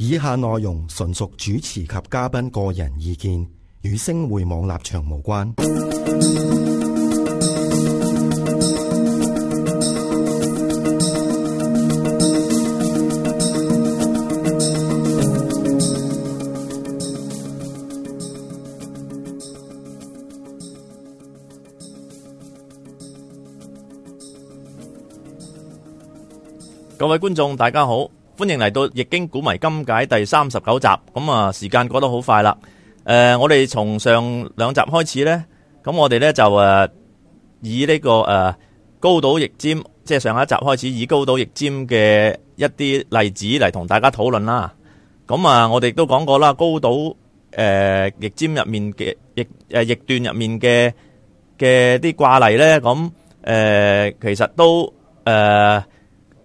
以下內容純屬主持及嘉賓個人意見，與星匯網立場無關。各位觀眾，大家好。歡迎嚟到《易經古謎今解》第三十九集，咁啊，時間過得好快啦。誒、呃，我哋從上兩集開始呢，咁我哋呢就誒、啊、以呢、呢個誒、啊、高島易占，即係上一集開始以高島易占嘅一啲例子嚟同大家討論啦。咁啊，我哋都講過啦，高島誒易、呃、占入面嘅易誒易斷入面嘅嘅啲卦例呢，咁、呃、誒其實都誒。呃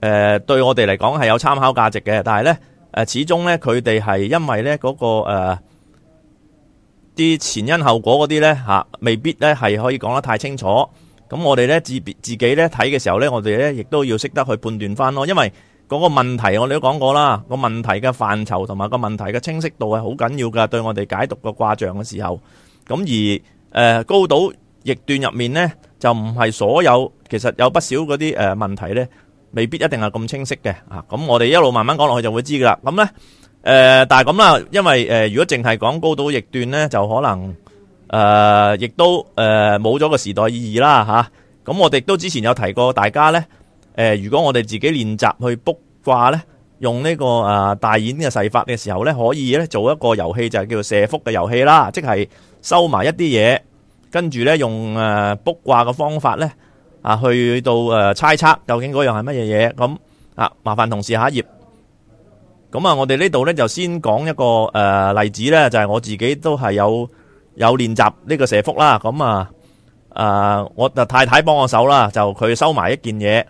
誒，對我哋嚟講係有參考價值嘅，但係呢誒，始終呢佢哋係因為呢嗰個誒啲前因後果嗰啲呢吓，未必呢係可以講得太清楚。咁我哋呢自別自己呢睇嘅時候呢，我哋呢亦都要識得去判斷翻。咯因為嗰個問題我哋都講過啦，個問題嘅範疇同埋個問題嘅清晰度係好緊要噶，對我哋解讀個卦象嘅時候，咁而誒高島易斷入面呢就唔係所有，其實有不少嗰啲誒問題呢。未必一定係咁清晰嘅，咁、啊、我哋一路慢慢講落去就會知噶啦。咁呢，誒、呃，但係咁啦，因為誒、呃，如果淨係講高島易斷呢，就可能誒，亦、呃、都誒冇咗個時代意義啦，吓、啊。咁我哋都之前有提過，大家呢，誒、呃，如果我哋自己練習去卜卦呢，用呢、這個誒、呃、大演嘅細法嘅時候呢，可以呢做一個遊戲，就係叫做射覆嘅遊戲啦，即係收埋一啲嘢，跟住呢，用誒卜卦嘅方法呢。啊，去到誒猜測究竟嗰樣係乜嘢嘢咁啊？麻煩同事下一頁。咁啊，我哋呢度咧就先講一個誒例子咧，就係我自己都係有有練習呢個射覆啦。咁啊誒，我就太太幫我手啦，就佢收埋一件嘢。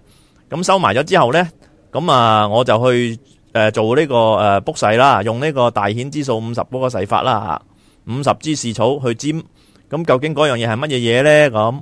咁收埋咗之後咧，咁啊我就去誒做呢個誒卜筮啦，用呢個大衍之數五十嗰個筮法啦嚇，五十枝蓍草去占。咁究竟嗰樣嘢係乜嘢嘢咧？咁？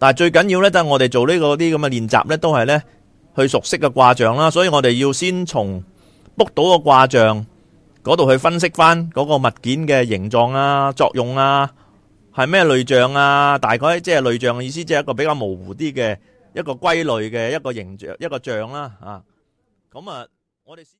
但係最緊要咧，就係我哋做呢個啲咁嘅練習咧，都係咧去熟悉嘅卦象啦。所以我哋要先從卜到個卦象嗰度去分析翻嗰個物件嘅形狀啊、作用啊，係咩類象啊？大概即係類象嘅意思，即係一個比較模糊啲嘅一個歸類嘅一個形象一個象啦。啊，咁啊，我哋先。